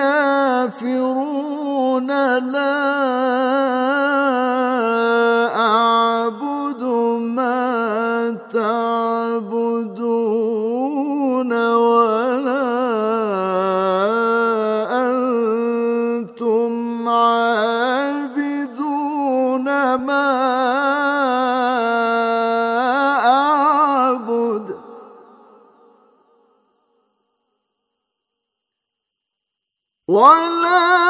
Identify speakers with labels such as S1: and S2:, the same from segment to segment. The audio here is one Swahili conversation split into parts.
S1: الكافرون لا ولا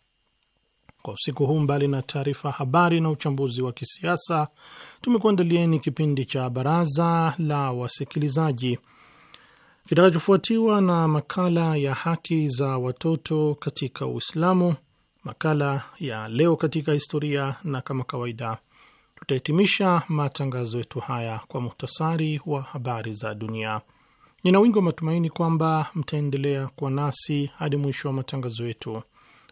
S2: Kwa usiku huu, mbali na taarifa habari na uchambuzi wa kisiasa, tumekuandalieni kipindi cha baraza la wasikilizaji kitakachofuatiwa na makala ya haki za watoto katika Uislamu, makala ya leo katika historia, na kama kawaida tutahitimisha matangazo yetu haya kwa muhtasari wa habari za dunia. Nina wingi wa matumaini kwamba mtaendelea kuwa nasi hadi mwisho wa matangazo yetu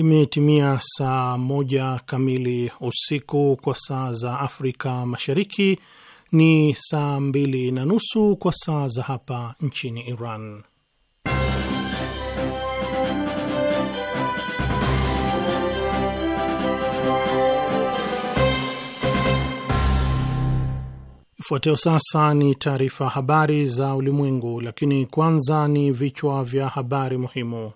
S2: Imetimia saa moja kamili usiku kwa saa za Afrika Mashariki, ni saa mbili na nusu kwa saa za hapa nchini Iran. Ifuatayo sasa ni taarifa habari za ulimwengu, lakini kwanza ni vichwa vya habari muhimu.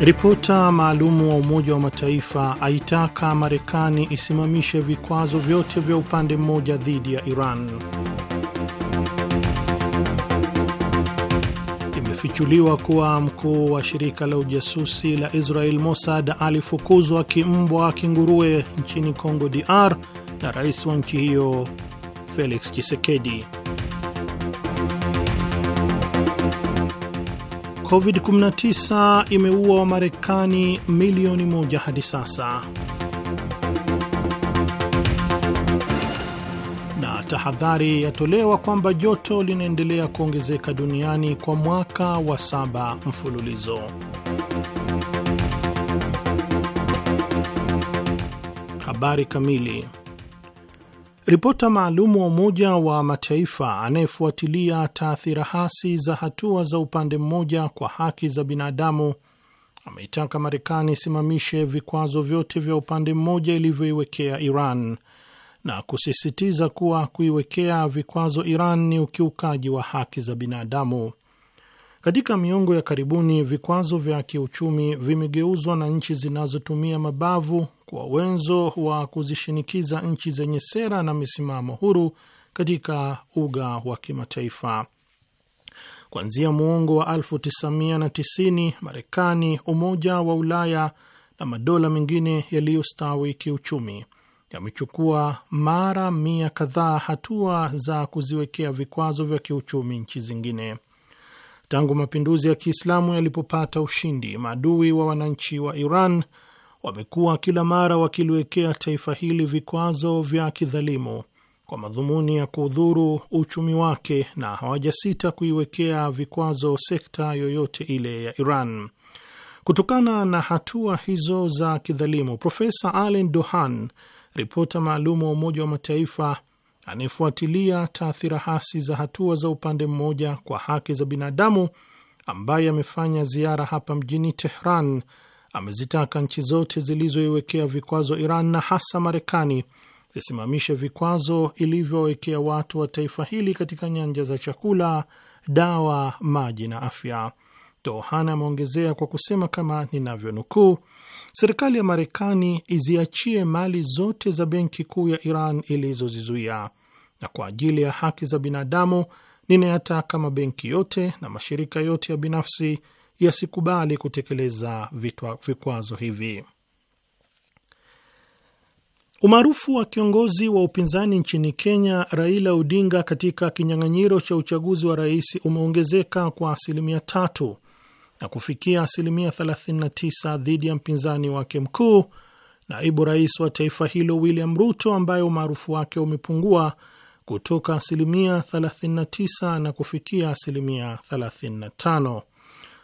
S2: Ripota maalumu wa Umoja wa Mataifa aitaka Marekani isimamishe vikwazo vyote vya upande mmoja dhidi ya Iran. Imefichuliwa kuwa mkuu wa shirika la ujasusi la Israel Mossad alifukuzwa kimbwa kinguruwe nchini congo DR na rais wa nchi hiyo Felix Tshisekedi. COVID-19 imeua Wamarekani milioni moja hadi sasa. Na tahadhari yatolewa kwamba joto linaendelea kuongezeka duniani kwa mwaka wa saba mfululizo. Habari kamili Ripota maalumu wa Umoja wa Mataifa anayefuatilia taathira hasi za hatua za upande mmoja kwa haki za binadamu ameitaka Marekani isimamishe vikwazo vyote vya upande mmoja ilivyoiwekea Iran na kusisitiza kuwa kuiwekea vikwazo Iran ni ukiukaji wa haki za binadamu. Katika miongo ya karibuni, vikwazo vya kiuchumi vimegeuzwa na nchi zinazotumia mabavu kwa wenzo wa kuzishinikiza nchi zenye sera na misimamo huru katika uga wa kimataifa. Kuanzia muongo wa 1990 Marekani, Umoja wa Ulaya na madola mengine yaliyostawi kiuchumi yamechukua mara mia kadhaa hatua za kuziwekea vikwazo vya kiuchumi nchi zingine. Tangu mapinduzi ya Kiislamu yalipopata ushindi, maadui wa wananchi wa Iran wamekuwa kila mara wakiliwekea taifa hili vikwazo vya kidhalimu kwa madhumuni ya kuudhuru uchumi wake na hawajasita kuiwekea vikwazo sekta yoyote ile ya Iran. Kutokana na hatua hizo za kidhalimu, Profesa Alen Dohan, ripota maalumu wa Umoja wa Mataifa anayefuatilia taathira hasi za hatua za upande mmoja kwa haki za binadamu ambaye amefanya ziara hapa mjini Tehran amezitaka nchi zote zilizoiwekea vikwazo Iran na hasa Marekani zisimamishe vikwazo ilivyowekea watu wa taifa hili katika nyanja za chakula, dawa, maji na afya. Dohan ameongezea kwa kusema kama ninavyonukuu, serikali ya Marekani iziachie mali zote za benki kuu ya Iran ilizozizuia na kwa ajili ya haki za binadamu, ninayataka mabenki yote na mashirika yote ya binafsi yasikubali kutekeleza vikwazo hivi. Umaarufu wa kiongozi wa upinzani nchini Kenya Raila Odinga katika kinyang'anyiro cha uchaguzi wa rais umeongezeka kwa asilimia tatu na kufikia asilimia 39 dhidi ya mpinzani wake mkuu naibu rais wa taifa hilo William Ruto ambaye umaarufu wake umepungua kutoka asilimia 39 na kufikia asilimia 35.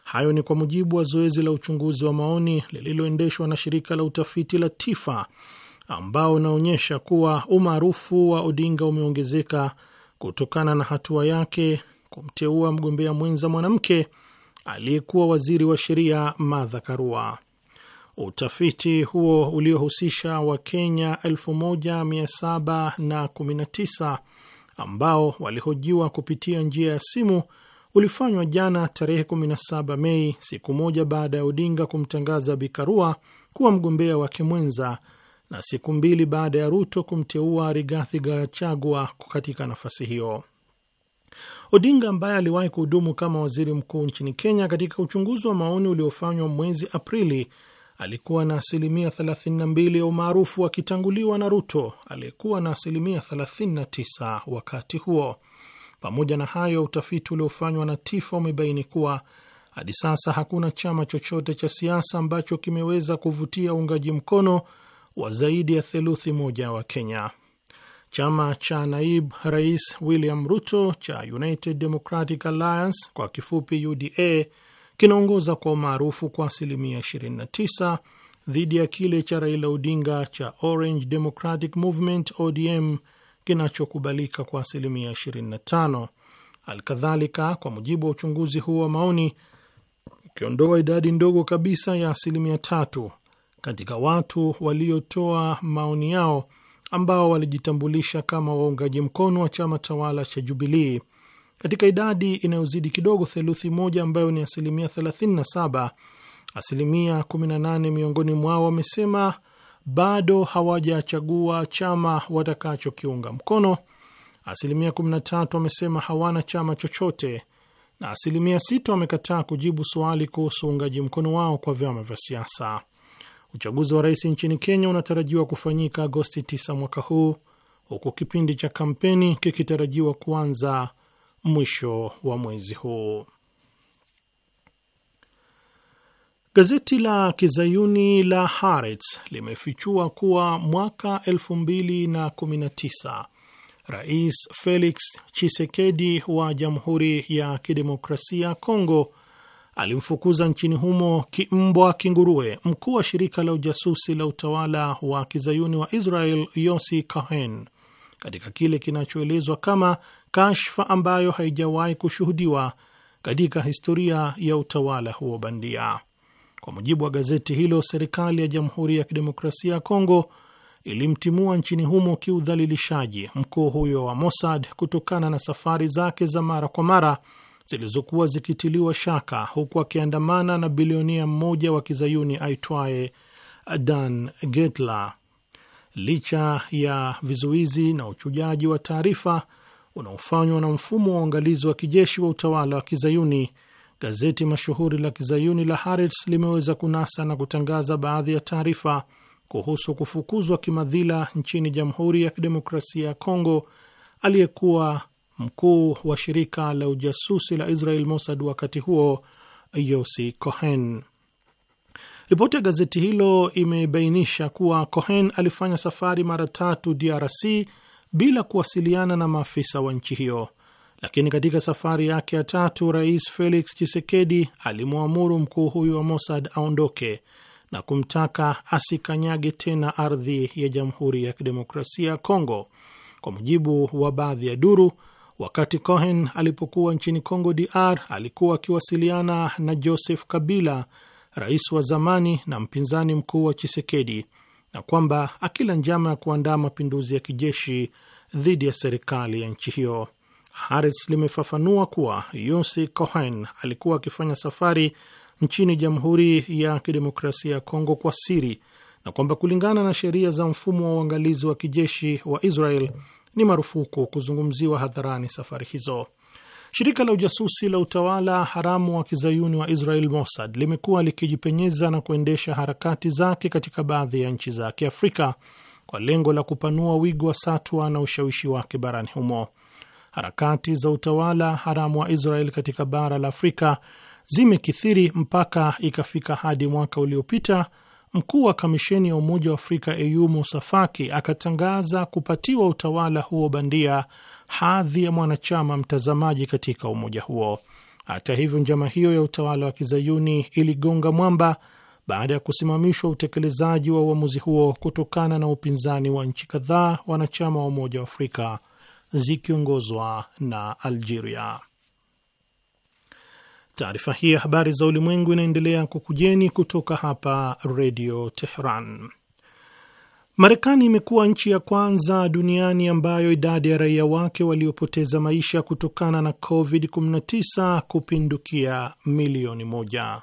S2: Hayo ni kwa mujibu wa zoezi la uchunguzi wa maoni lililoendeshwa na shirika la utafiti la TIFA ambao unaonyesha kuwa umaarufu wa Odinga umeongezeka kutokana na hatua yake kumteua mgombea mwenza mwanamke aliyekuwa waziri wa sheria Martha Karua. Utafiti huo uliohusisha Wakenya 1719 ambao walihojiwa kupitia njia ya simu ulifanywa jana tarehe 17 Mei, siku moja baada ya Odinga kumtangaza Bikarua kuwa mgombea wake mwenza na siku mbili baada ya Ruto kumteua Rigathi Gachagua katika nafasi hiyo. Odinga ambaye aliwahi kuhudumu kama waziri mkuu nchini Kenya, katika uchunguzi wa maoni uliofanywa mwezi Aprili alikuwa na asilimia 32 ya umaarufu akitanguliwa na Ruto aliyekuwa na asilimia 39 wakati huo. Pamoja na hayo, utafiti uliofanywa na TIFA umebaini kuwa hadi sasa hakuna chama chochote cha siasa ambacho kimeweza kuvutia uungaji mkono wa zaidi ya theluthi moja wa Kenya. Chama cha Naib Rais William Ruto cha United Democratic Alliance, kwa kifupi UDA kinaongoza kwa umaarufu kwa asilimia 29 dhidi ya kile cha Raila Odinga cha Orange Democratic Movement ODM kinachokubalika kwa asilimia 25. Alkadhalika, kwa mujibu wa uchunguzi huu wa maoni, ukiondoa idadi ndogo kabisa ya asilimia tatu katika watu waliotoa maoni yao ambao walijitambulisha kama waungaji mkono wa chama tawala cha Jubilii, katika idadi inayozidi kidogo theluthi moja ambayo ni asilimia 37. Asilimia 18 miongoni mwao wamesema bado hawajachagua chama watakachokiunga mkono. Asilimia 13 wamesema hawana chama chochote, na asilimia 6 wamekataa kujibu swali kuhusu uungaji mkono wao kwa vyama vya siasa. Uchaguzi wa rais nchini Kenya unatarajiwa kufanyika Agosti 9 mwaka huu, huku kipindi cha kampeni kikitarajiwa kuanza mwisho wa mwezi huu. Gazeti la kizayuni la Haaretz limefichua kuwa mwaka 2019 Rais Felix Tshisekedi wa Jamhuri ya Kidemokrasia ya Kongo alimfukuza nchini humo kimbwa kingurue mkuu wa shirika la ujasusi la utawala wa kizayuni wa Israel Yossi Cohen katika kile kinachoelezwa kama kashfa ambayo haijawahi kushuhudiwa katika historia ya utawala huo bandia. Kwa mujibu wa gazeti hilo, serikali ya Jamhuri ya Kidemokrasia ya Kongo ilimtimua nchini humo kiudhalilishaji mkuu huyo wa Mossad kutokana na safari zake za mara kwa mara zilizokuwa zikitiliwa shaka, huku akiandamana na bilionia mmoja wa kizayuni aitwaye Dan Getler. Licha ya vizuizi na uchujaji wa taarifa unaofanywa na mfumo wa uangalizi wa kijeshi wa utawala wa kizayuni. Gazeti mashuhuri la kizayuni la Haaretz limeweza kunasa na kutangaza baadhi ya taarifa kuhusu kufukuzwa kimadhila nchini Jamhuri ya Kidemokrasia ya Kongo aliyekuwa mkuu wa shirika la ujasusi la Israel Mossad wakati huo, Yossi Cohen. Ripoti ya gazeti hilo imebainisha kuwa Cohen alifanya safari mara tatu DRC bila kuwasiliana na maafisa wa nchi hiyo. Lakini katika safari yake ya tatu, Rais Felix Tshisekedi alimwamuru mkuu huyu wa Mossad aondoke na kumtaka asikanyage tena ardhi ya Jamhuri ya Kidemokrasia ya Kongo. Kwa mujibu wa baadhi ya duru, wakati Cohen alipokuwa nchini Kongo DR alikuwa akiwasiliana na Joseph Kabila, rais wa zamani na mpinzani mkuu wa Chisekedi, na kwamba akila njama ya kuandaa mapinduzi ya kijeshi dhidi ya serikali ya nchi hiyo. haris limefafanua kuwa Yossi Cohen alikuwa akifanya safari nchini Jamhuri ya Kidemokrasia ya Kongo kwa siri na kwamba kulingana na sheria za mfumo wa uangalizi wa kijeshi wa Israel ni marufuku kuzungumziwa hadharani safari hizo. Shirika la ujasusi la utawala haramu wa kizayuni wa Israel Mossad limekuwa likijipenyeza na kuendesha harakati zake katika baadhi ya nchi za Kiafrika kwa lengo la kupanua wigo wa satwa na ushawishi wake barani humo. Harakati za utawala haramu wa Israel katika bara la Afrika zimekithiri mpaka ikafika hadi mwaka uliopita mkuu wa kamisheni ya Umoja wa Afrika AU Musa Faki akatangaza kupatiwa utawala huo bandia hadhi ya mwanachama mtazamaji katika umoja huo. Hata hivyo, njama hiyo ya utawala wa kizayuni iligonga mwamba baada ya kusimamishwa utekelezaji wa uamuzi huo kutokana na upinzani wa nchi kadhaa wanachama wa Umoja wa Afrika zikiongozwa na Algeria. Taarifa hii ya habari za ulimwengu inaendelea kukujeni kutoka hapa Redio Tehran. Marekani imekuwa nchi ya kwanza duniani ambayo idadi ya raia wake waliopoteza maisha kutokana na COVID-19 kupindukia milioni moja.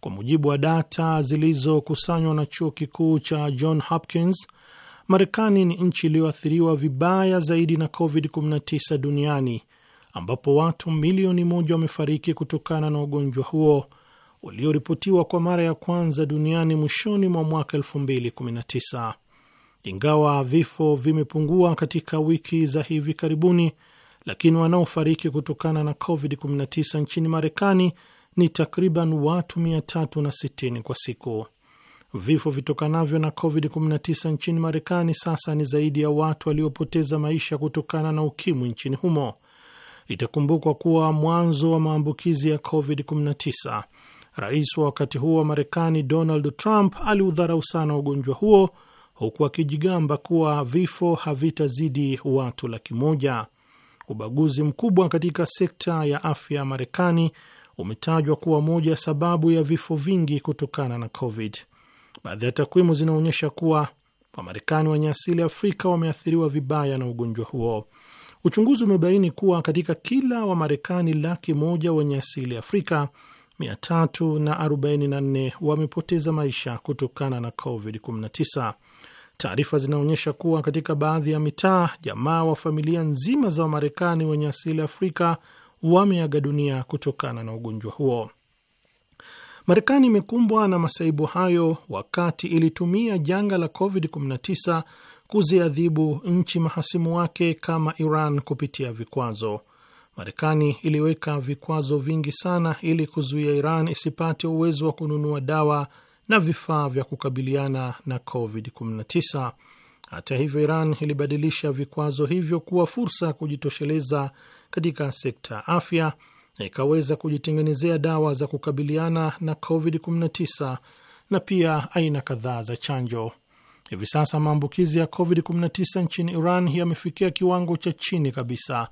S2: Kwa mujibu wa data zilizokusanywa na chuo kikuu cha John Hopkins, Marekani ni nchi iliyoathiriwa vibaya zaidi na COVID-19 duniani ambapo watu milioni moja wamefariki kutokana na ugonjwa huo ulioripotiwa kwa mara ya kwanza duniani mwishoni mwa mwaka ingawa vifo vimepungua katika wiki za hivi karibuni, lakini wanaofariki kutokana na COVID-19 nchini Marekani ni takriban watu 360 kwa siku. Vifo vitokanavyo na COVID-19 nchini Marekani sasa ni zaidi ya watu waliopoteza maisha kutokana na ukimwi nchini humo. Itakumbukwa kuwa mwanzo wa maambukizi ya COVID-19, rais wa wakati huo wa Marekani Donald Trump aliudharau sana ugonjwa huo huku akijigamba kuwa vifo havitazidi watu laki moja. Ubaguzi mkubwa katika sekta ya afya ya Marekani umetajwa kuwa moja sababu ya vifo vingi kutokana na COVID. Baadhi ya takwimu zinaonyesha kuwa Wamarekani wenye asili Afrika wameathiriwa vibaya na ugonjwa huo. Uchunguzi umebaini kuwa katika kila Wamarekani laki moja wenye asili Afrika, 344 wamepoteza maisha kutokana na COVID-19. Taarifa zinaonyesha kuwa katika baadhi ya mitaa, jamaa wa familia nzima za Wamarekani wenye asili Afrika wameaga dunia kutokana na ugonjwa huo. Marekani imekumbwa na masaibu hayo wakati ilitumia janga la COVID-19 kuziadhibu nchi mahasimu wake kama Iran kupitia vikwazo. Marekani iliweka vikwazo vingi sana ili kuzuia Iran isipate uwezo wa kununua dawa na vifaa vya kukabiliana na COVID-19. Hata hivyo, Iran ilibadilisha vikwazo hivyo kuwa fursa ya kujitosheleza katika sekta ya afya na ikaweza kujitengenezea dawa za kukabiliana na COVID-19 na pia aina kadhaa za chanjo. Hivi sasa maambukizi ya COVID-19 nchini Iran yamefikia kiwango cha chini kabisa,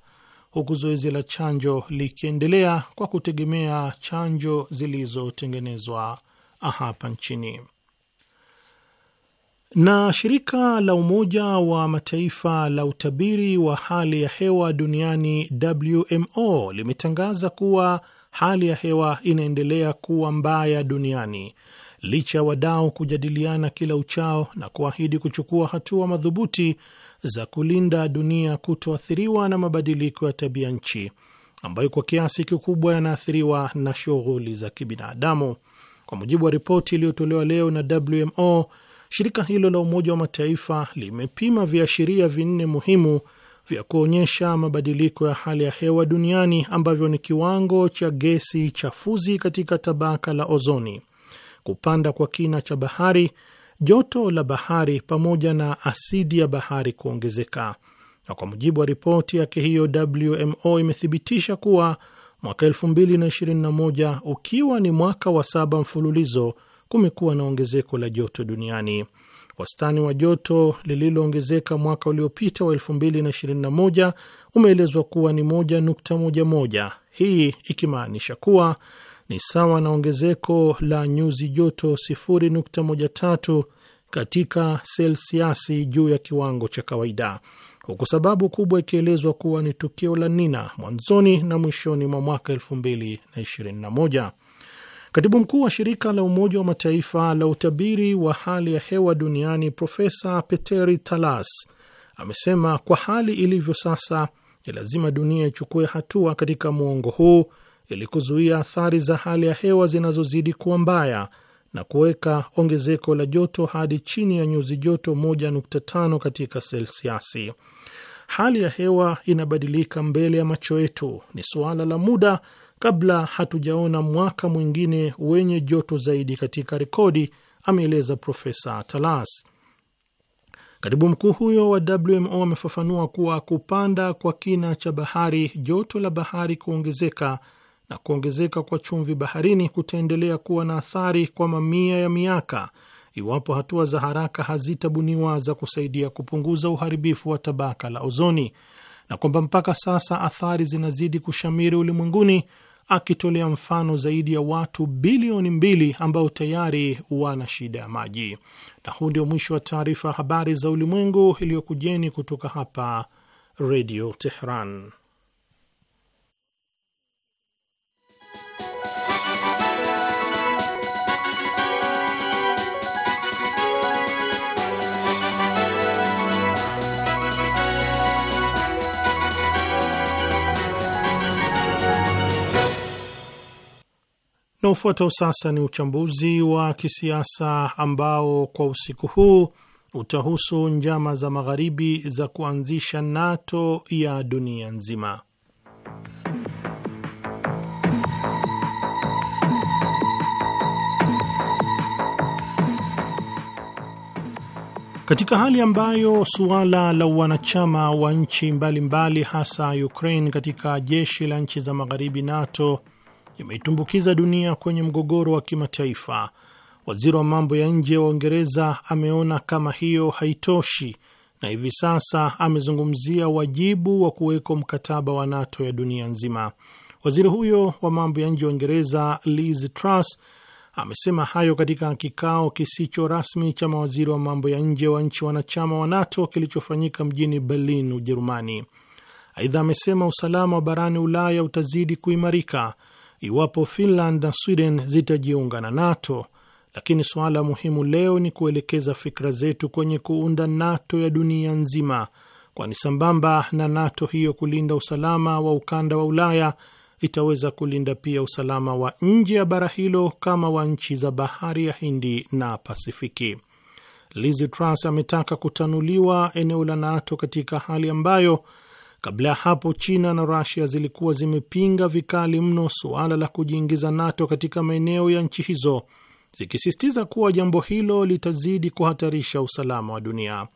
S2: huku zoezi la chanjo likiendelea kwa kutegemea chanjo zilizotengenezwa hapa nchini. Na shirika la Umoja wa Mataifa la utabiri wa hali ya hewa duniani WMO limetangaza kuwa hali ya hewa inaendelea kuwa mbaya duniani licha ya wadau kujadiliana kila uchao na kuahidi kuchukua hatua madhubuti za kulinda dunia kutoathiriwa na mabadiliko ya tabia nchi ambayo kwa kiasi kikubwa yanaathiriwa na shughuli za kibinadamu. Kwa mujibu wa ripoti iliyotolewa leo na WMO, shirika hilo la Umoja wa Mataifa limepima viashiria vinne muhimu vya kuonyesha mabadiliko ya hali ya hewa duniani ambavyo ni kiwango cha gesi chafuzi katika tabaka la ozoni, kupanda kwa kina cha bahari, joto la bahari pamoja na asidi ya bahari kuongezeka. Na kwa mujibu wa ripoti yake hiyo, WMO imethibitisha kuwa Mwaka 2021 ukiwa ni mwaka wa saba mfululizo, kumekuwa na ongezeko la joto duniani. Wastani wa joto lililoongezeka mwaka uliopita wa 2021 umeelezwa kuwa ni 1.11, hii ikimaanisha kuwa ni sawa na ongezeko la nyuzi joto 0.13 katika selsiasi juu ya kiwango cha kawaida huku sababu kubwa ikielezwa kuwa ni tukio la Nina mwanzoni na mwishoni mwa mwaka 2021. Katibu mkuu wa shirika la Umoja wa Mataifa la utabiri wa hali ya hewa duniani Profesa Peteri Talas amesema kwa hali ilivyo sasa ni lazima dunia ichukue hatua katika mwongo huu ili kuzuia athari za hali ya hewa zinazozidi kuwa mbaya na kuweka ongezeko la joto hadi chini ya nyuzi joto 1.5 katika selsiasi hali ya hewa inabadilika mbele ya macho yetu. Ni suala la muda kabla hatujaona mwaka mwingine wenye joto zaidi katika rekodi, ameeleza Profesa Talas. Katibu mkuu huyo wa WMO amefafanua kuwa kupanda kwa kina cha bahari, joto la bahari kuongezeka na kuongezeka kwa chumvi baharini kutaendelea kuwa na athari kwa mamia ya miaka iwapo hatua za haraka hazitabuniwa za kusaidia kupunguza uharibifu wa tabaka la ozoni, na kwamba mpaka sasa athari zinazidi kushamiri ulimwenguni, akitolea mfano zaidi ya watu bilioni mbili ambao tayari wana shida ya maji. Na huu ndio mwisho wa taarifa ya habari za ulimwengu iliyokujeni kutoka hapa Redio Tehran. Unaofuata sasa ni uchambuzi wa kisiasa ambao kwa usiku huu utahusu njama za magharibi za kuanzisha NATO ya dunia nzima. Katika hali ambayo suala la wanachama wa nchi mbalimbali mbali hasa Ukraine katika jeshi la nchi za magharibi NATO imeitumbukiza dunia kwenye mgogoro wa kimataifa. Waziri wa mambo ya nje wa Uingereza ameona kama hiyo haitoshi, na hivi sasa amezungumzia wajibu wa kuweko mkataba wa NATO ya dunia nzima. Waziri huyo wa mambo ya nje wa Uingereza Liz Truss amesema hayo katika kikao kisicho rasmi cha mawaziri wa mambo ya nje wa nchi wanachama wa NATO kilichofanyika mjini Berlin, Ujerumani. Aidha amesema usalama wa barani Ulaya utazidi kuimarika iwapo Finland na Sweden zitajiunga na NATO, lakini suala muhimu leo ni kuelekeza fikra zetu kwenye kuunda NATO ya dunia nzima, kwani sambamba na NATO hiyo kulinda usalama wa ukanda wa Ulaya itaweza kulinda pia usalama wa nje ya bara hilo kama wa nchi za bahari ya Hindi na Pasifiki. Liz Truss ametaka kutanuliwa eneo la NATO katika hali ambayo Kabla ya hapo China na Rasia zilikuwa zimepinga vikali mno suala la kujiingiza NATO katika maeneo ya nchi hizo, zikisisitiza kuwa jambo hilo litazidi kuhatarisha usalama wa dunia.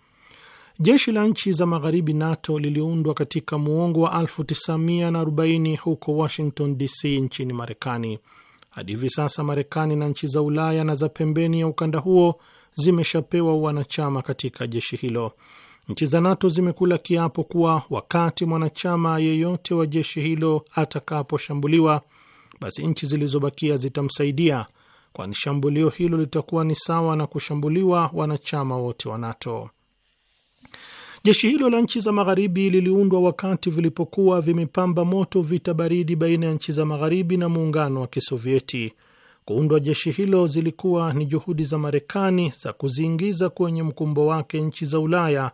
S2: Jeshi la nchi za magharibi NATO liliundwa katika muongo wa 1940 huko Washington DC nchini Marekani. Hadi hivi sasa Marekani na nchi za Ulaya na za pembeni ya ukanda huo zimeshapewa wanachama katika jeshi hilo. Nchi za NATO zimekula kiapo kuwa wakati mwanachama yeyote wa jeshi hilo atakaposhambuliwa, basi nchi zilizobakia zitamsaidia, kwani shambulio hilo litakuwa ni sawa na kushambuliwa wanachama wote wa NATO. Jeshi hilo la nchi za magharibi liliundwa wakati vilipokuwa vimepamba moto vita baridi baina ya nchi za magharibi na muungano wa Kisovieti. Kuundwa jeshi hilo zilikuwa ni juhudi za Marekani za kuziingiza kwenye mkumbo wake nchi za Ulaya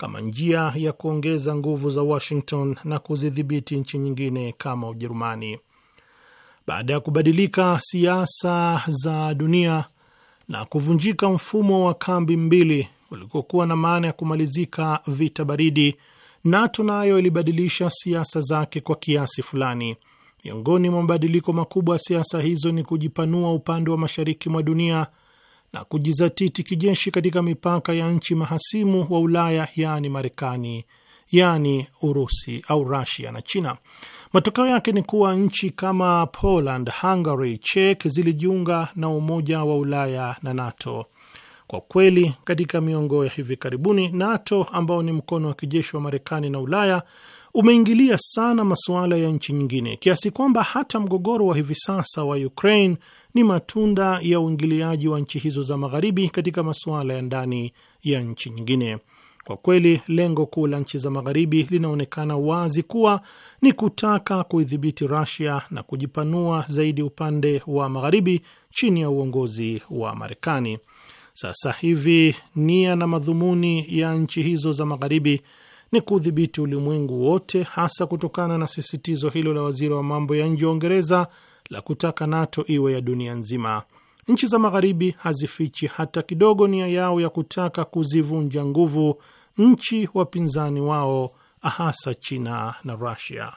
S2: kama njia ya kuongeza nguvu za Washington na kuzidhibiti nchi nyingine kama Ujerumani. Baada ya kubadilika siasa za dunia na kuvunjika mfumo wa kambi mbili ulikokuwa na maana ya kumalizika vita baridi, NATO nayo ilibadilisha siasa zake kwa kiasi fulani. Miongoni mwa mabadiliko makubwa ya siasa hizo ni kujipanua upande wa mashariki mwa dunia na kujizatiti kijeshi katika mipaka ya nchi mahasimu wa Ulaya, yaani Marekani, yaani Urusi au Rusia na China. Matokeo yake ni kuwa nchi kama Poland, Hungary, Czech zilijiunga na Umoja wa Ulaya na NATO. Kwa kweli, katika miongo ya hivi karibuni, NATO ambao ni mkono wa kijeshi wa Marekani na Ulaya umeingilia sana masuala ya nchi nyingine kiasi kwamba hata mgogoro wa hivi sasa wa Ukraine ni matunda ya uingiliaji wa nchi hizo za magharibi katika masuala ya ndani ya nchi nyingine. Kwa kweli, lengo kuu la nchi za magharibi linaonekana wazi kuwa ni kutaka kuidhibiti Russia na kujipanua zaidi upande wa magharibi chini ya uongozi wa Marekani. Sasa hivi nia na madhumuni ya nchi hizo za magharibi ni kudhibiti ulimwengu wote, hasa kutokana na sisitizo hilo la waziri wa mambo ya nje wa Uingereza la kutaka NATO iwe ya dunia nzima. Nchi za Magharibi hazifichi hata kidogo nia yao ya kutaka kuzivunja nguvu nchi wapinzani wao, hasa China na Rusia.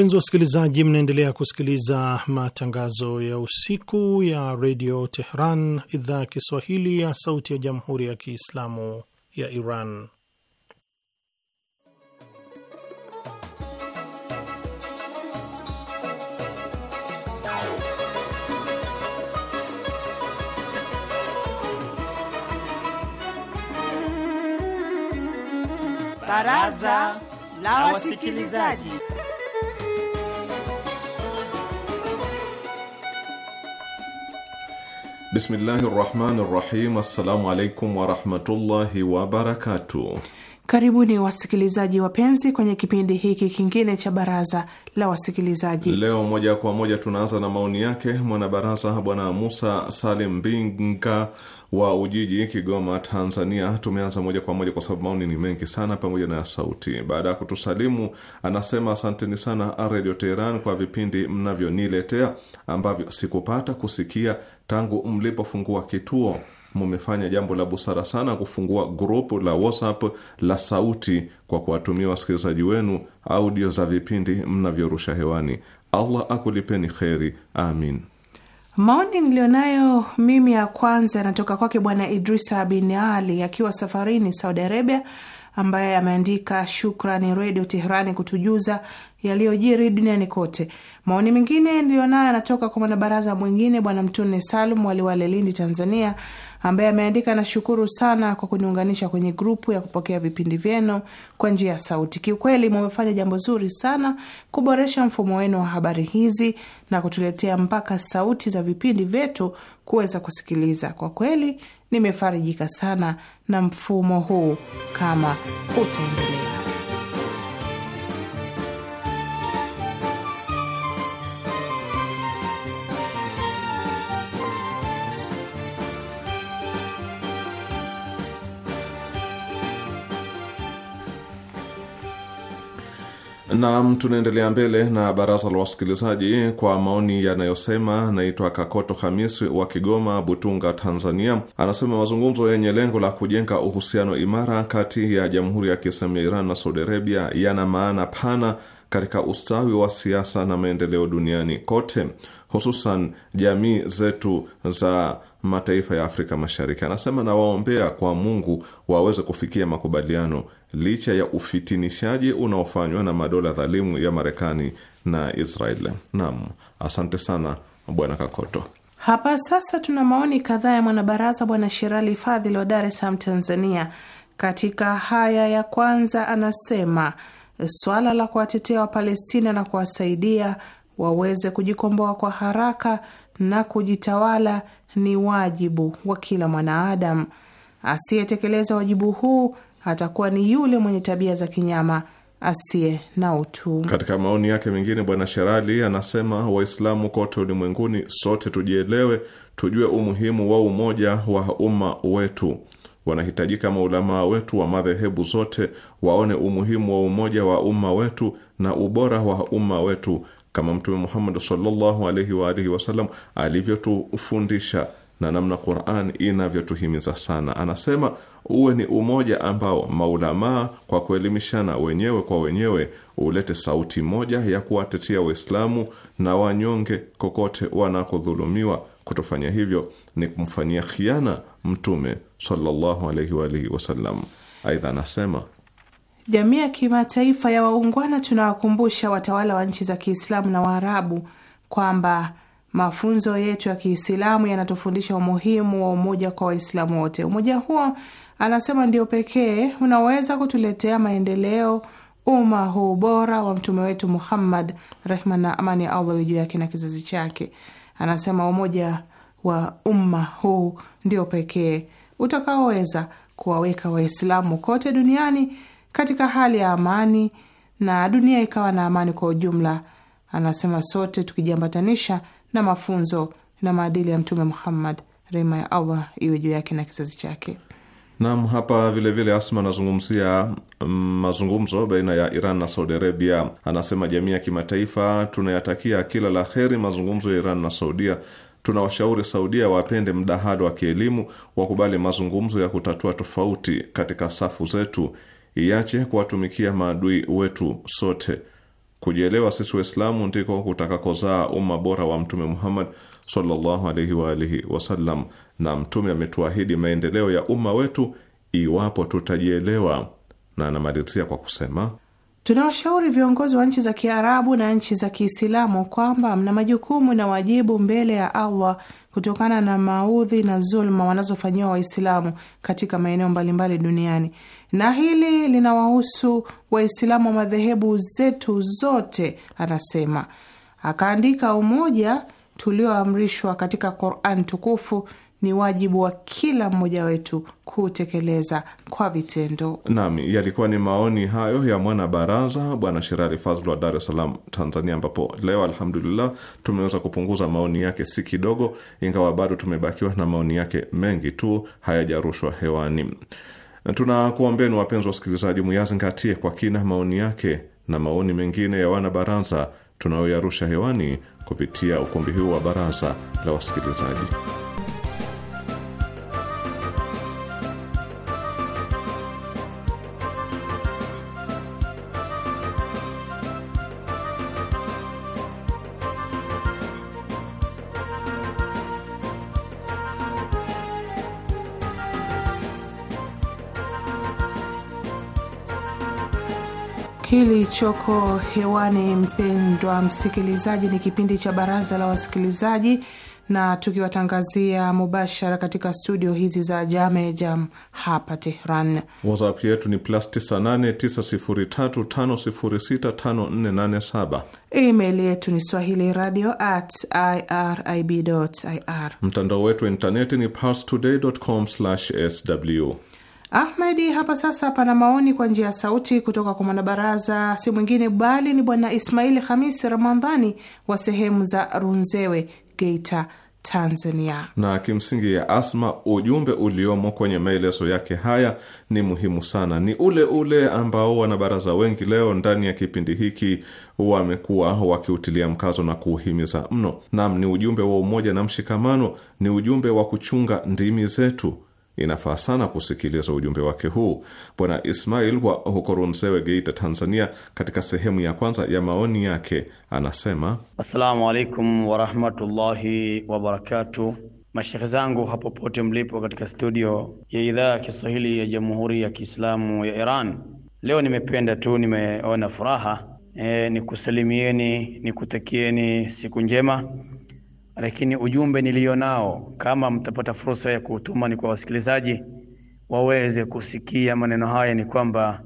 S2: wapenzi wa wasikilizaji, mnaendelea kusikiliza matangazo ya usiku ya redio Tehran, idhaa ya Kiswahili ya sauti ya jamhuri ya Kiislamu ya Iran.
S3: Baraza la Wasikilizaji.
S4: Bismillahi rahmani rahim. Assalamu alaikum warahmatullahi wabarakatu.
S3: Karibuni wasikilizaji wapenzi kwenye kipindi hiki kingine cha baraza la
S4: wasikilizaji. Leo moja kwa moja tunaanza na maoni yake mwanabaraza Bwana Musa Salim Binga wa Ujiji, Kigoma, Tanzania. Tumeanza moja kwa moja kwa sababu maoni ni mengi sana, pamoja na sauti. Baada ya kutusalimu, anasema asanteni sana Radio Teheran kwa vipindi mnavyoniletea ambavyo sikupata kusikia tangu mlipofungua kituo. Mumefanya jambo la busara sana kufungua grupu la WhatsApp la sauti kwa kuwatumia wasikilizaji wenu audio za vipindi mnavyorusha hewani. Allah akulipeni kheri, amin.
S3: Maoni niliyonayo mimi ya kwanza yanatoka kwake Bwana Idrisa bin Ali akiwa safarini Saudi Arabia, ambaye ameandika shukrani Redio Teherani kutujuza yaliyojiri duniani kote. Maoni mengine niliyonayo yanatoka kwa mwanabaraza mwingine Bwana Mtune Salum Waliwale, Lindi, Tanzania, ambaye ameandika nashukuru sana kwa kuniunganisha kwenye grupu ya kupokea vipindi vyenu kwa njia ya sauti. Kiukweli mumefanya jambo zuri sana kuboresha mfumo wenu wa habari hizi na kutuletea mpaka sauti za vipindi vyetu kuweza kusikiliza. Kwa kweli nimefarijika sana na mfumo huu kama utaendelea.
S4: Naam, tunaendelea mbele na baraza la wasikilizaji kwa maoni yanayosema. Naitwa Kakoto Hamisi wa Kigoma Butunga, Tanzania. Anasema mazungumzo yenye lengo la kujenga uhusiano imara kati ya Jamhuri ya Kiislamu ya Iran na Saudi Arabia yana maana pana katika ustawi wa siasa na maendeleo duniani kote, hususan jamii zetu za mataifa ya Afrika Mashariki. Anasema nawaombea kwa Mungu waweze kufikia makubaliano licha ya ufitinishaji unaofanywa na madola dhalimu ya Marekani na Israel. Naam, asante sana Bwana Kakoto.
S3: Hapa sasa tuna maoni kadhaa ya mwanabaraza Bwana Shirali Fadhili wa Dar es Salaam, Tanzania. Katika haya ya kwanza, anasema swala la kuwatetea Wapalestina na kuwasaidia waweze kujikomboa kwa haraka na kujitawala ni wajibu wa kila mwanaadamu. Asiyetekeleza wajibu huu atakuwa ni yule mwenye tabia za kinyama asiye na utu. Katika
S4: maoni yake mengine, Bwana Sherali anasema Waislamu kote ulimwenguni, sote tujielewe, tujue umuhimu wa umoja wa umma wetu. Wanahitajika maulamaa wetu wa madhehebu zote waone umuhimu wa umoja wa umma wetu na ubora wa umma wetu kama Mtume Muhammad sallallahu alaihi wa alihi wasallam alivyotufundisha na namna Qur'an inavyotuhimiza sana. Anasema uwe ni umoja ambao maulamaa kwa kuelimishana wenyewe kwa wenyewe ulete sauti moja ya kuwatetea Waislamu na wanyonge kokote wanakodhulumiwa. Kutofanya hivyo ni kumfanyia khiana Mtume sallallahu alaihi wa alihi wasallam. Aidha anasema
S3: jamii ya kimataifa ya waungwana tunawakumbusha watawala wa nchi za Kiislamu na Waarabu kwamba Mafunzo yetu ya Kiislamu yanatufundisha umuhimu wa umoja kwa Waislamu wote. Umoja huo, anasema, ndio pekee unaweza kutuletea maendeleo umma huu bora wa mtume wetu Muhammad, rehma na amani ya Allah juu yake na kizazi chake. Anasema umoja wa umma huu ndio pekee utakaoweza kuwaweka Waislamu kote duniani katika hali ya amani na dunia ikawa na amani kwa ujumla. Anasema sote tukijiambatanisha na mafunzo na maadili ya Mtume Muhammad, rehma ya Allah iwe juu yake na kizazi chake.
S4: Nam, hapa vilevile vile Asma anazungumzia mm, mazungumzo baina ya Iran na Saudi Arabia. Anasema jamii ya kimataifa tunayatakia kila la heri mazungumzo ya Iran na Saudia. Tunawashauri Saudia wapende mdahalo wa kielimu, wakubali mazungumzo ya kutatua tofauti katika safu zetu, iache kuwatumikia maadui wetu sote Kujielewa sisi Waislamu ndiko kutakakozaa umma bora wa Mtume Muhammad sallallahu alaihi wa alihi wasallam, na Mtume ametuahidi maendeleo ya umma wetu iwapo tutajielewa, na anamalizia kwa kusema
S3: Tunawashauri viongozi wa nchi za Kiarabu na nchi za Kiislamu kwamba mna majukumu na wajibu mbele ya Allah kutokana na maudhi na zulma wanazofanyiwa Waislamu katika maeneo mbalimbali duniani na hili linawahusu Waislamu wa madhehebu zetu zote, anasema. Akaandika, umoja tulioamrishwa katika Qur'an tukufu ni wajibu wa kila mmoja wetu kutekeleza kwa vitendo.
S1: Naam,
S4: yalikuwa ni maoni hayo ya mwana baraza Bwana Shirari Fazl wa Dar es Salaam, Tanzania, ambapo leo alhamdulillah tumeweza kupunguza maoni yake si kidogo, ingawa bado tumebakiwa na maoni yake mengi tu hayajarushwa hewani. Tunakuombeni wapenzi wasikilizaji, muyazingatie kwa kina maoni yake na maoni mengine ya wanabaraza tunayoyarusha hewani kupitia ukumbi huu wa baraza la wasikilizaji.
S3: kilichoko hewani, mpendwa msikilizaji, ni kipindi cha Baraza la Wasikilizaji, na tukiwatangazia mubashara katika studio hizi za Jame Jam hapa Tehran.
S4: WhatsApp yetu ni plus 989035065487.
S3: Email yetu ni swahili radio at irib ir.
S4: Mtandao wetu wa intaneti ni parstoday.com sw
S3: Ahmed, hapa sasa pana maoni kwa njia ya sauti kutoka kwa mwanabaraza, si mwingine bali ni bwana Ismaili Hamis Ramadhani wa sehemu za Runzewe, Geita, Tanzania.
S4: Na kimsingi ya Asma, ujumbe uliomo kwenye maelezo yake haya ni muhimu sana, ni ule ule ambao wanabaraza wengi leo ndani ya kipindi hiki wamekuwa wakiutilia mkazo na kuuhimiza mno. nam ni ujumbe wa umoja na mshikamano, ni ujumbe wa kuchunga ndimi zetu Inafaa sana kusikiliza ujumbe wake huu Bwana Ismail wa huko Runsewe, Geita, Tanzania. Katika sehemu ya kwanza ya maoni yake anasema:
S5: assalamu alaikum warahmatullahi wabarakatu Mashehe zangu hapo pote mlipo katika studio ya idhaa ya Kiswahili ya Jamhuri ya Kiislamu ya Iran, leo nimependa tu, nimeona furaha e, nikusalimieni nikutakieni siku njema lakini ujumbe nilionao, nao, kama mtapata fursa ya kuutuma, ni kwa wasikilizaji waweze kusikia maneno haya, ni kwamba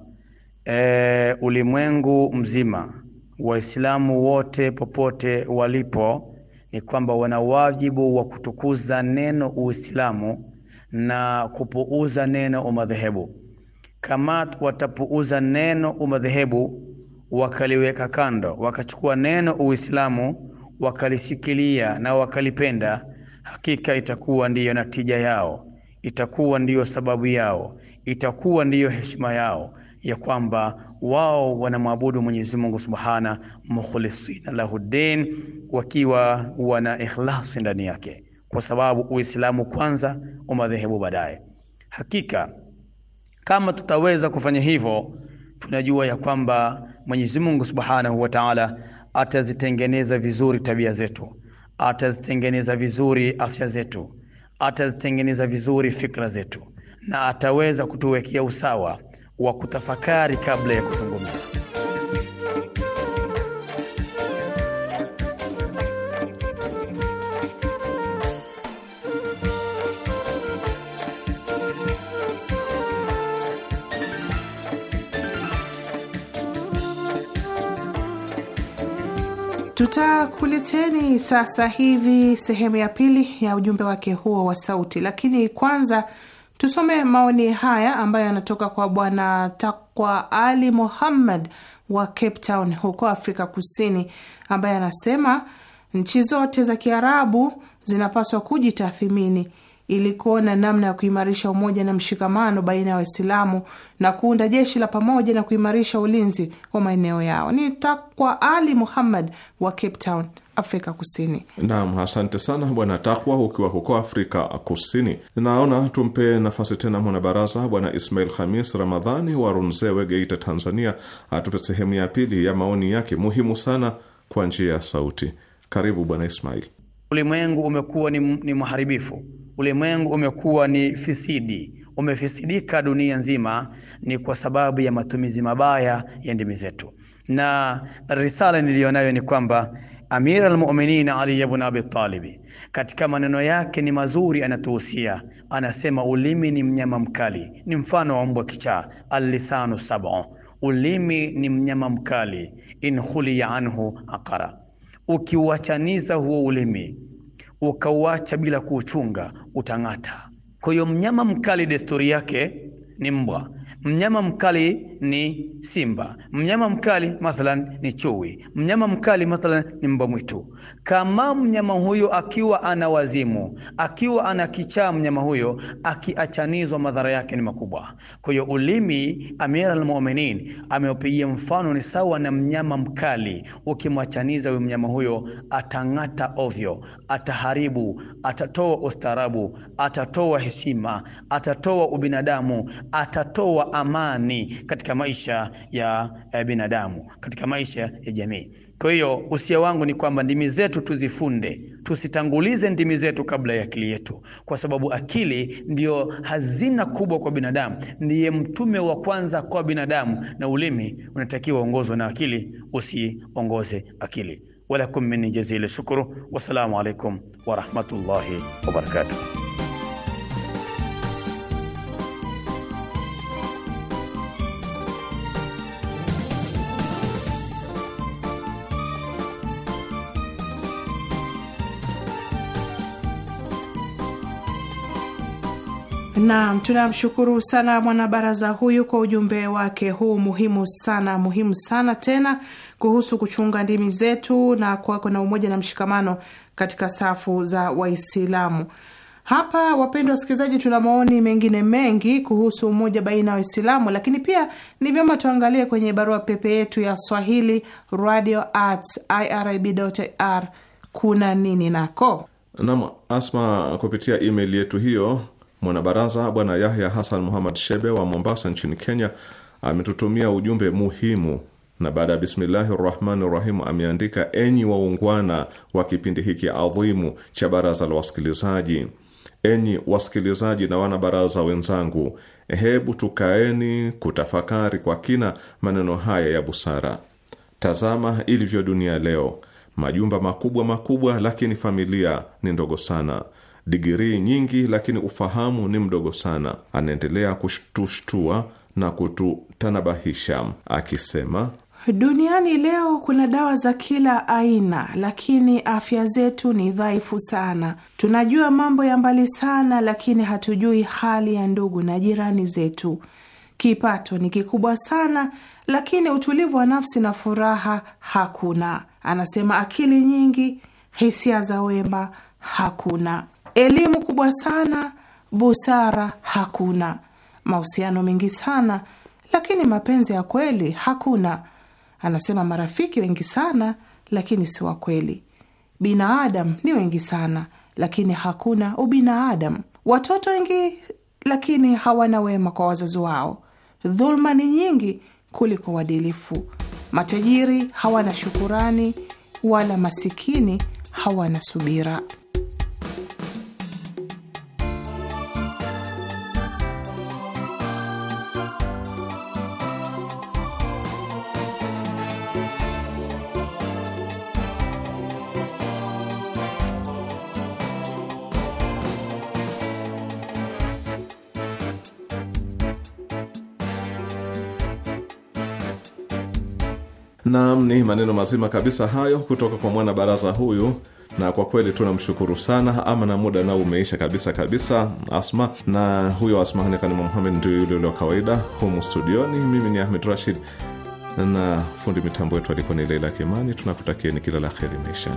S5: e, ulimwengu mzima Waislamu wote popote walipo, ni kwamba wana wajibu wa kutukuza neno Uislamu na kupuuza neno umadhehebu. Kama watapuuza neno umadhehebu wakaliweka kando, wakachukua neno Uislamu wakalishikilia na wakalipenda, hakika itakuwa ndiyo natija yao, itakuwa ndiyo sababu yao, itakuwa ndiyo heshima yao ya kwamba wao wanamwabudu Mwenyezi Mungu subhana mukhlisina lahu din, wakiwa wana ikhlasi ndani yake, kwa sababu Uislamu kwanza, umadhehebu baadaye. Hakika kama tutaweza kufanya hivyo, tunajua ya kwamba Mwenyezi Mungu subhanahu wa Ta'ala atazitengeneza vizuri tabia zetu, atazitengeneza vizuri afya zetu, atazitengeneza vizuri fikra zetu, na ataweza kutuwekea usawa wa kutafakari kabla ya kuzungumza.
S3: Tutakuleteni sasa hivi sehemu ya pili ya ujumbe wake huo wa sauti, lakini kwanza tusome maoni haya ambayo yanatoka kwa Bwana Takwa Ali muhammad wa Cape Town huko Afrika Kusini, ambaye anasema nchi zote za Kiarabu zinapaswa kujitathimini ili kuona namna ya kuimarisha umoja na mshikamano baina ya Waislamu na kuunda jeshi la pamoja na kuimarisha ulinzi wa maeneo yao. Ni Takwa Ali Muhammad wa Cape Town, Afrika Kusini.
S4: Naam, asante sana Bwana Takwa, ukiwa huko Afrika Kusini. Naona tumpe nafasi tena mwanabaraza Bwana Ismail Khamis Ramadhani wa Runzewe, Geita, Tanzania, atupe sehemu ya pili ya maoni yake muhimu sana kwa njia ya sauti. Karibu Bwana Ismail.
S5: Ulimwengu umekuwa ni, ni mharibifu ulimwengu umekuwa ni fisidi, umefisidika dunia nzima, ni kwa sababu ya matumizi mabaya ya ndimi zetu. Na risala niliyonayo ni kwamba Amir al-Mu'minin Ali ibn Abi Talib katika maneno yake ni mazuri, anatuhusia anasema, ulimi ni mnyama mkali, ni mfano wa mbwa kichaa. Al-lisanu sab'u, ulimi ni mnyama mkali. In khuliya anhu aqara, ukiuachaniza huo ulimi ukauacha bila kuuchunga, utang'ata. Kwa hiyo mnyama mkali desturi yake ni mbwa. Mnyama mkali ni simba, mnyama mkali mathalan ni chui, mnyama mkali mathalan ni mbwa mwitu. Kama mnyama huyo akiwa ana wazimu, akiwa ana kichaa, mnyama huyo akiachanizwa, madhara yake ni makubwa. Kwa hiyo ulimi, Amir al-Mu'minin ameupigia mfano, ni sawa na mnyama mkali. Ukimwachaniza huyo mnyama huyo, atang'ata ovyo, ataharibu, atatoa ustaarabu, atatoa heshima, atatoa ubinadamu, atatoa amani katika maisha ya eh, binadamu, katika maisha ya jamii. Kwa hiyo usia wangu ni kwamba ndimi zetu tuzifunde, tusitangulize ndimi zetu kabla ya akili yetu, kwa sababu akili ndiyo hazina kubwa kwa binadamu, ndiye mtume wa kwanza kwa binadamu, na ulimi unatakiwa uongozwe na akili, usiongoze akili. Walakum min jazili shukuru. Wassalamu alaikum warahmatullahi wabarakatuh.
S3: Naam, tunamshukuru sana mwanabaraza huyu kwa ujumbe wake huu muhimu sana, muhimu sana tena, kuhusu kuchunga ndimi zetu na kuwako na umoja na mshikamano katika safu za Waislamu. Hapa wapendwa wasikilizaji, tuna maoni mengine mengi kuhusu umoja baina ya Waislamu, lakini pia ni vyema tuangalie kwenye barua pepe yetu ya Swahili radio at irib.ir, kuna nini nako?
S4: Naam, Asma, kupitia email yetu hiyo Mwanabaraza Bwana Yahya Hassan Muhammad Shebe wa Mombasa nchini Kenya ametutumia ujumbe muhimu, na baada ya bismillahi rahmani rahim ameandika: enyi waungwana wa kipindi hiki adhimu cha baraza la wasikilizaji, enyi wasikilizaji na wanabaraza wenzangu, hebu tukaeni kutafakari kwa kina maneno haya ya busara. Tazama ilivyo dunia leo, majumba makubwa makubwa, lakini familia ni ndogo sana digirii nyingi, lakini ufahamu ni mdogo sana. Anaendelea kushtushtua na kututanabahisha akisema,
S3: duniani leo kuna dawa za kila aina, lakini afya zetu ni dhaifu sana. Tunajua mambo ya mbali sana, lakini hatujui hali ya ndugu na jirani zetu. Kipato ni kikubwa sana, lakini utulivu wa nafsi na furaha hakuna. Anasema akili nyingi, hisia za wema hakuna elimu kubwa sana, busara hakuna, mahusiano mengi sana, lakini mapenzi ya kweli hakuna. Anasema marafiki wengi sana, lakini si wa kweli. Binadamu ni wengi sana, lakini hakuna ubinadamu. Watoto wengi, lakini hawana wema kwa wazazi wao. Dhuluma ni nyingi kuliko uadilifu. Matajiri hawana shukurani, wala masikini hawana subira.
S4: Naam, ni maneno mazima kabisa hayo kutoka kwa mwana baraza huyu na kwa kweli tunamshukuru sana. Ama na muda nao umeisha kabisa kabisa, Asma. Na huyo Asma Kanima Muhamed ndio yule ule wa kawaida humu studioni. Mimi ni Ahmed Rashid na fundi mitambo yetu alikuwa ni Leila Kimani. Tunakutakieni kila la kheri maishani.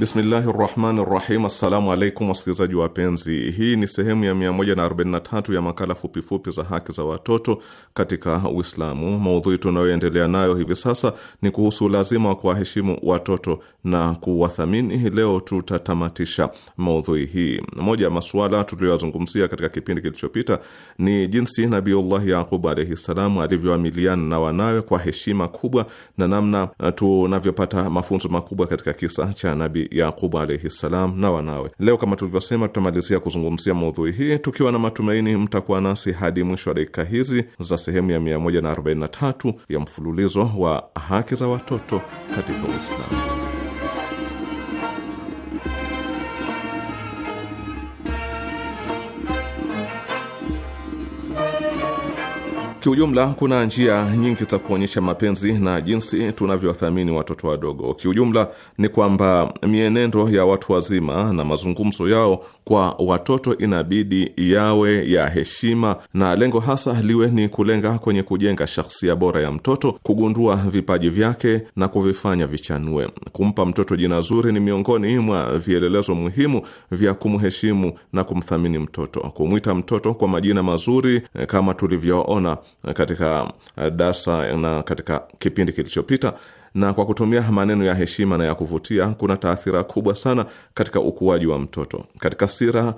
S4: Bismillahi rahmani rahim. Assalamu alaikum wasikilizaji wapenzi, hii ni sehemu ya 143 ya makala fupifupi za haki za watoto katika Uislamu. Maudhui tunayoendelea nayo hivi sasa ni kuhusu lazima wa kuwaheshimu watoto na kuwathamini. Leo tutatamatisha maudhui hii. Moja ya masuala tuliyoyazungumzia katika kipindi kilichopita ni jinsi Nabiullah Yaqub alaihi ssalam alivyoamiliana na wanawe kwa heshima kubwa na namna eh, tunavyopata mafunzo makubwa katika kisa cha nabi Yaqubu alaihi ssalam na wanawe. Leo kama tulivyosema, tutamalizia kuzungumzia maudhui hii tukiwa na matumaini mtakuwa nasi hadi mwisho wa dakika hizi za sehemu ya 143 ya mfululizo wa haki za watoto katika Uislamu. Kiujumla, kuna njia nyingi za kuonyesha mapenzi na jinsi tunavyowathamini watoto wadogo. Kiujumla ni kwamba mienendo ya watu wazima na mazungumzo yao kwa watoto inabidi yawe ya heshima, na lengo hasa liwe ni kulenga kwenye kujenga shahsia bora ya mtoto, kugundua vipaji vyake na kuvifanya vichanue. Kumpa mtoto jina zuri ni miongoni mwa vielelezo muhimu vya kumheshimu na kumthamini mtoto. Kumwita mtoto kwa majina mazuri eh, kama tulivyoona katika eh, darsa na katika kipindi kilichopita, na kwa kutumia maneno ya heshima na ya kuvutia kuna taathira kubwa sana katika ukuaji wa mtoto. Katika sira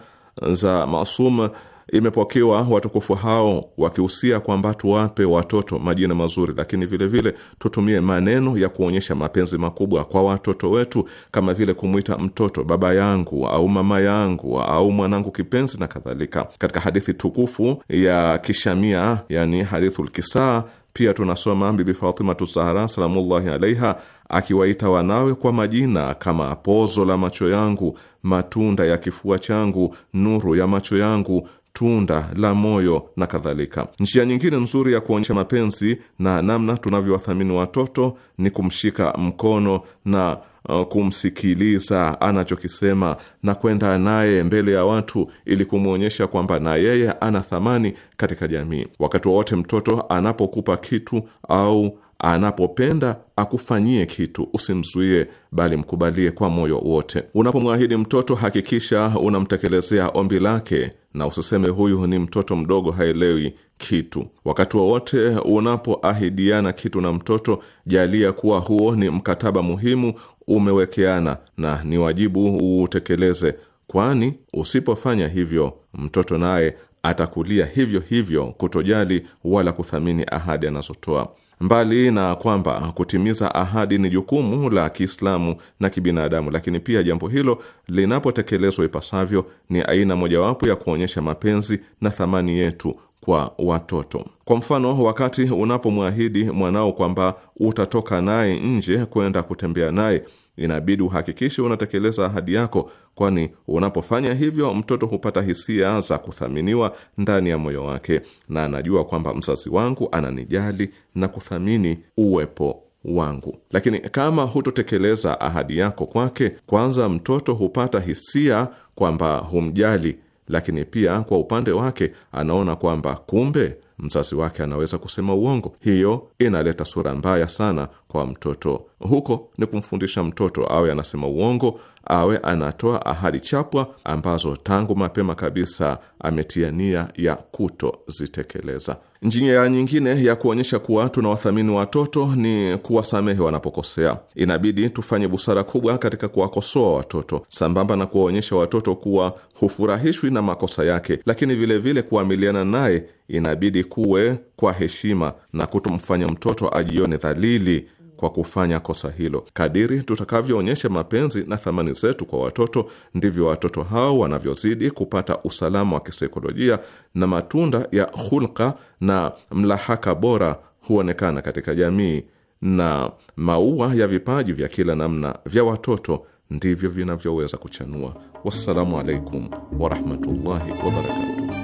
S4: za Masum Imepokewa watukufu hao wakihusia kwamba tuwape watoto majina mazuri, lakini vilevile vile tutumie maneno ya kuonyesha mapenzi makubwa kwa watoto wetu, kama vile kumwita mtoto baba yangu au mama yangu au mwanangu kipenzi na kadhalika. Katika hadithi tukufu ya Kishamia, yani hadithul Kisaa, pia tunasoma Bibi Fatimatu Zahra salamullahi alaiha akiwaita wanawe kwa majina kama pozo la macho yangu, matunda ya kifua changu, nuru ya macho yangu tunda la moyo na kadhalika. Njia nyingine nzuri ya kuonyesha mapenzi na namna tunavyowathamini watoto ni kumshika mkono na uh, kumsikiliza anachokisema na kwenda naye mbele ya watu ili kumwonyesha kwamba na yeye ana thamani katika jamii. Wakati wowote mtoto anapokupa kitu au Anapopenda akufanyie kitu, usimzuie, bali mkubalie kwa moyo wote. Unapomwahidi mtoto, hakikisha unamtekelezea ombi lake, na usiseme huyu ni mtoto mdogo, haelewi kitu. Wakati wowote unapoahidiana kitu na mtoto, jalia kuwa huo ni mkataba muhimu umewekeana, na ni wajibu uutekeleze, kwani usipofanya hivyo, mtoto naye atakulia hivyo hivyo, kutojali wala kuthamini ahadi anazotoa. Mbali na kwamba kutimiza ahadi ni jukumu la Kiislamu na kibinadamu, lakini pia jambo hilo linapotekelezwa ipasavyo ni aina mojawapo ya kuonyesha mapenzi na thamani yetu kwa watoto. Kwa mfano, wakati unapomwahidi mwanao kwamba utatoka naye nje kwenda kutembea naye inabidi uhakikishe unatekeleza ahadi yako, kwani unapofanya hivyo mtoto hupata hisia za kuthaminiwa ndani ya moyo wake, na anajua kwamba mzazi wangu ananijali na kuthamini uwepo wangu. Lakini kama hutotekeleza ahadi yako kwake, kwanza mtoto hupata hisia kwamba humjali, lakini pia kwa upande wake anaona kwamba kumbe mzazi wake anaweza kusema uongo. Hiyo inaleta sura mbaya sana kwa mtoto. Huko ni kumfundisha mtoto awe anasema uongo awe anatoa ahadi chapwa ambazo tangu mapema kabisa ametia nia ya kutozitekeleza. Njia nyingine ya kuonyesha kuwa tuna wathamini watoto ni kuwasamehe wanapokosea. Inabidi tufanye busara kubwa katika kuwakosoa watoto, sambamba na kuwaonyesha watoto kuwa hufurahishwi na makosa yake, lakini vilevile kuamiliana naye inabidi kuwe kwa heshima na kutomfanya mtoto ajione dhalili kwa kufanya kosa hilo. Kadiri tutakavyoonyesha mapenzi na thamani zetu kwa watoto, ndivyo watoto hao wanavyozidi kupata usalama wa kisaikolojia na matunda ya hulka na mlahaka bora huonekana katika jamii, na maua ya vipaji vya kila namna vya watoto ndivyo vinavyoweza kuchanua. Wassalamu alaikum warahmatullahi wabarakatuh.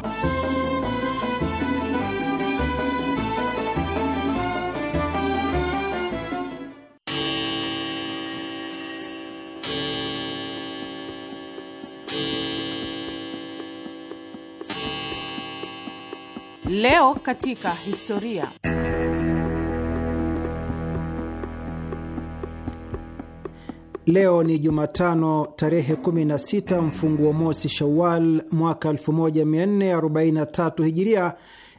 S3: Leo katika historia.
S6: Leo ni Jumatano tarehe 16 mfunguo mosi Shawal mwaka 1443 Hijiria,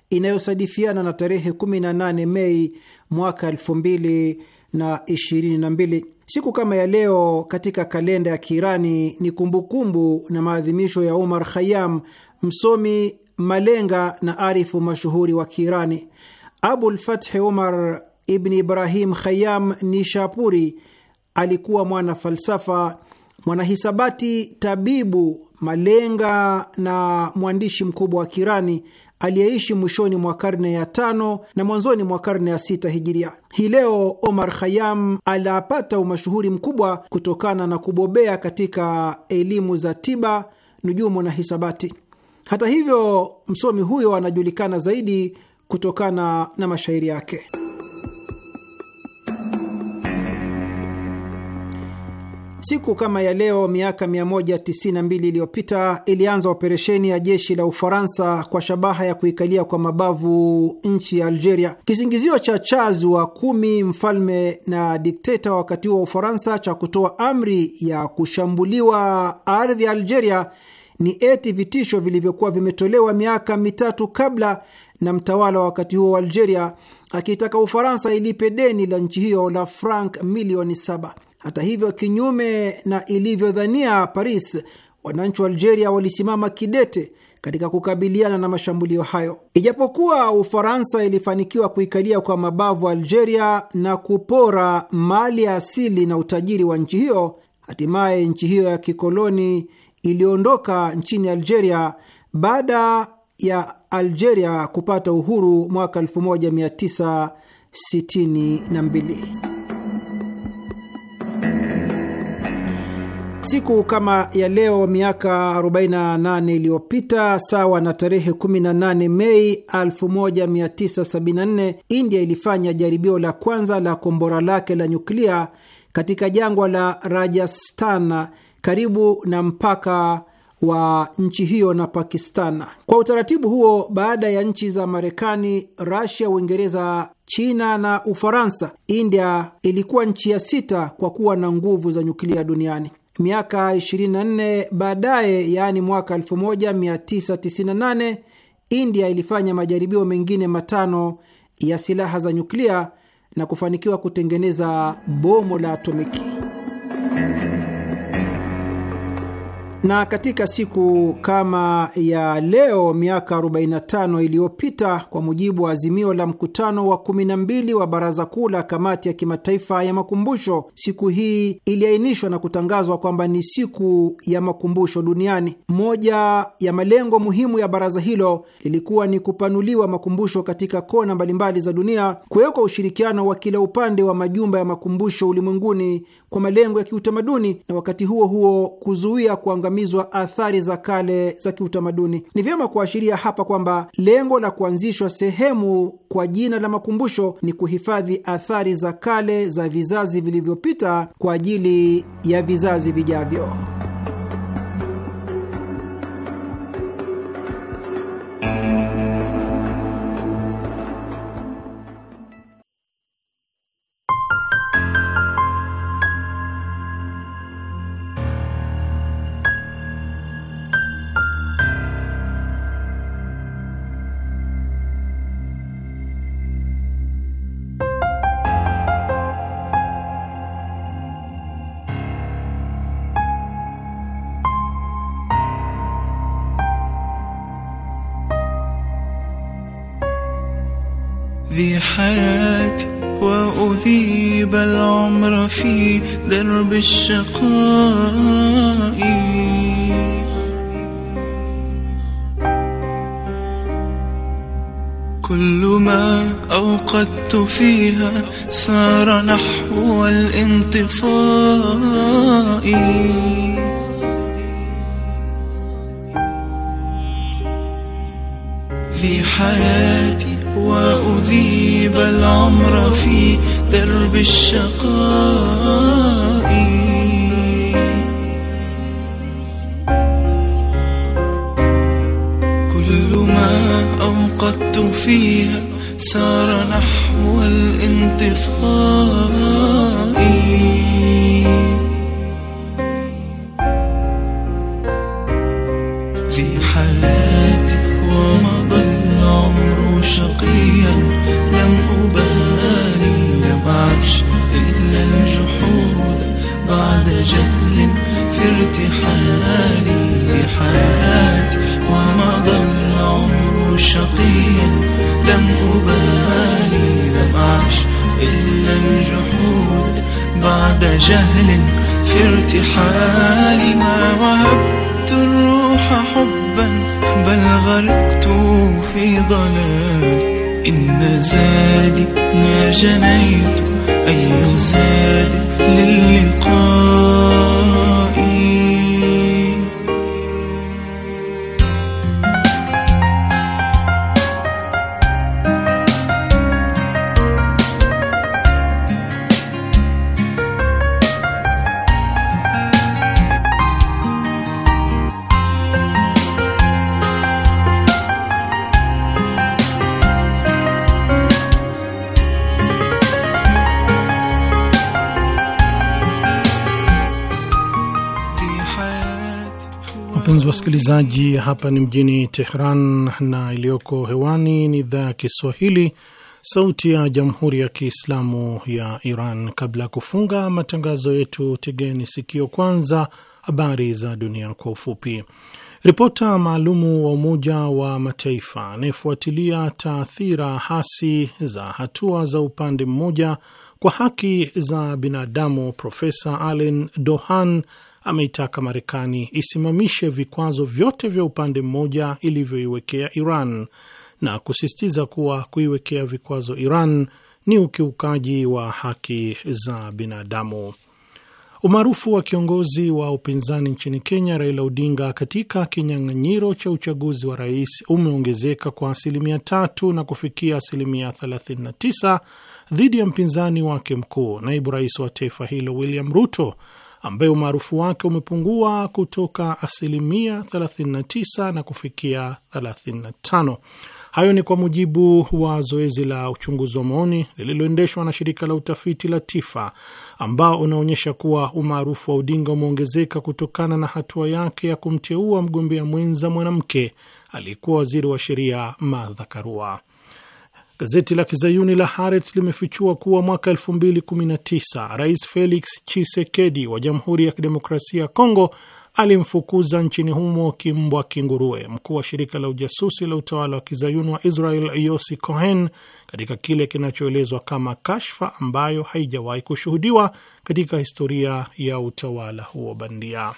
S6: inayosadifiana na tarehe 18 Mei mwaka 2022. Siku kama ya leo katika kalenda ya Kiirani ni kumbukumbu na maadhimisho ya Umar Khayam, msomi malenga na arifu mashuhuri wa Kiirani. Abulfathi Umar ibni Ibrahim Khayam Nishapuri alikuwa mwana falsafa, mwanahisabati, tabibu, malenga na mwandishi mkubwa wa Kirani aliyeishi mwishoni mwa karne ya tano na mwanzoni mwa karne ya sita hijiria. Hii leo Omar Khayam alapata umashuhuri mkubwa kutokana na kubobea katika elimu za tiba, nujumu na hisabati. Hata hivyo, msomi huyo anajulikana zaidi kutokana na mashairi yake. Siku kama ya leo miaka 192 iliyopita ilianza operesheni ya jeshi la Ufaransa kwa shabaha ya kuikalia kwa mabavu nchi ya Algeria. Kisingizio cha Charles wa kumi, mfalme na dikteta wakati huo wa Ufaransa, cha kutoa amri ya kushambuliwa ardhi ya Algeria ni eti vitisho vilivyokuwa vimetolewa miaka mitatu kabla na mtawala wa wakati huo wa Algeria akitaka Ufaransa ilipe deni la nchi hiyo la franc milioni saba. Hata hivyo, kinyume na ilivyodhania Paris, wananchi wa Algeria walisimama kidete katika kukabiliana na mashambulio hayo. Ijapokuwa Ufaransa ilifanikiwa kuikalia kwa mabavu Algeria na kupora mali ya asili na utajiri wa nchi hiyo, hatimaye nchi hiyo ya kikoloni iliondoka nchini Algeria baada ya Algeria kupata uhuru mwaka 1962. Siku kama ya leo miaka 48 iliyopita, sawa na tarehe 18 Mei 1974, India ilifanya jaribio la kwanza la kombora lake la nyuklia katika jangwa la Rajasthan karibu na mpaka wa nchi hiyo na Pakistan. Kwa utaratibu huo, baada ya nchi za Marekani, Rasia, Uingereza, China na Ufaransa, India ilikuwa nchi ya sita kwa kuwa na nguvu za nyuklia duniani. Miaka 24 baadaye, yaani mwaka 1998, India ilifanya majaribio mengine matano ya silaha za nyuklia na kufanikiwa kutengeneza bomo la atomiki. Na katika siku kama ya leo miaka 45 iliyopita, kwa mujibu wa azimio la mkutano wa 12 wa Baraza Kuu la Kamati ya Kimataifa ya Makumbusho, siku hii iliainishwa na kutangazwa kwamba ni siku ya makumbusho duniani. Moja ya malengo muhimu ya baraza hilo lilikuwa ni kupanuliwa makumbusho katika kona mbalimbali za dunia, kuwekwa ushirikiano wa kila upande wa majumba ya makumbusho ulimwenguni kwa malengo ya kiutamaduni, na wakati huo huo kuzuia kuangamia kuangamizwa athari za kale za kiutamaduni. Ni vyema kuashiria hapa kwamba lengo la kuanzishwa sehemu kwa jina la makumbusho ni kuhifadhi athari za kale za vizazi vilivyopita kwa ajili ya vizazi vijavyo.
S7: ذي حياتي وأذيب العمر في درب الشقاء كل ما أوقدت فيها سار نحو الانطفاء في حياتي وأذيب العمر في درب الشقاء كل ما أوقدت فيها سار نحو الانطفاء شقيا لم أبالي لم أعش إلا الجحود بعد جهل في ارتحالي ما وهبت الروح حبا بل غرقت في ضلال إن زادي ما جنيت أي زاد للقاء
S2: wasikilizaji, hapa ni mjini Tehran na iliyoko hewani ni idhaa ya Kiswahili, Sauti ya Jamhuri ya Kiislamu ya Iran. Kabla ya kufunga matangazo yetu, tegeni sikio kwanza habari za dunia kwa ufupi. Ripota maalumu wa Umoja wa Mataifa anayefuatilia taathira hasi za hatua za upande mmoja kwa haki za binadamu Profesa Alen Dohan ameitaka Marekani isimamishe vikwazo vyote vya upande mmoja ilivyoiwekea Iran na kusisitiza kuwa kuiwekea vikwazo Iran ni ukiukaji wa haki za binadamu. Umaarufu wa kiongozi wa upinzani nchini Kenya Raila Odinga katika kinyang'anyiro cha uchaguzi wa rais umeongezeka kwa asilimia tatu na kufikia asilimia 39 dhidi ya mpinzani wake mkuu naibu rais wa taifa hilo William Ruto ambaye umaarufu wake umepungua kutoka asilimia 39 na kufikia 35. Hayo ni kwa mujibu wa zoezi la uchunguzi wa maoni lililoendeshwa na shirika la utafiti la TIFA ambao unaonyesha kuwa umaarufu wa Odinga umeongezeka kutokana na hatua yake ya kumteua mgombea mwenza mwanamke aliyekuwa waziri wa sheria Martha Karua. Gazeti la kizayuni la Haaretz limefichua kuwa mwaka 2019 Rais Felix chisekedi wa Jamhuri ya Kidemokrasia ya Kongo alimfukuza nchini humo kimbwa kinguruwe mkuu wa shirika la ujasusi la utawala wa kizayuni wa Israel Yossi Cohen katika kile kinachoelezwa kama kashfa ambayo haijawahi kushuhudiwa katika historia ya utawala huo bandia.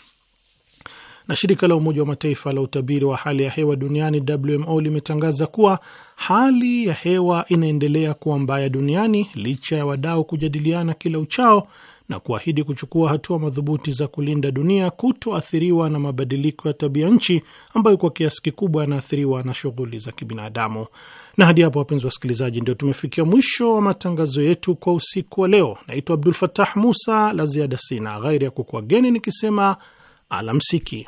S2: Na shirika la Umoja wa Mataifa la utabiri wa hali ya hewa duniani WMO limetangaza kuwa hali ya hewa inaendelea kuwa mbaya duniani licha ya wadau kujadiliana kila uchao na kuahidi kuchukua hatua madhubuti za kulinda dunia kutoathiriwa na mabadiliko ya tabia nchi ambayo kwa kiasi kikubwa yanaathiriwa na shughuli za kibinadamu. Na hadi hapo, wapenzi wa wasikilizaji, ndio tumefikia mwisho wa matangazo yetu kwa usiku wa leo. Naitwa Abdul Fatah Musa. La ziada sina, ghairi ya kukuageni nikisema alamsiki.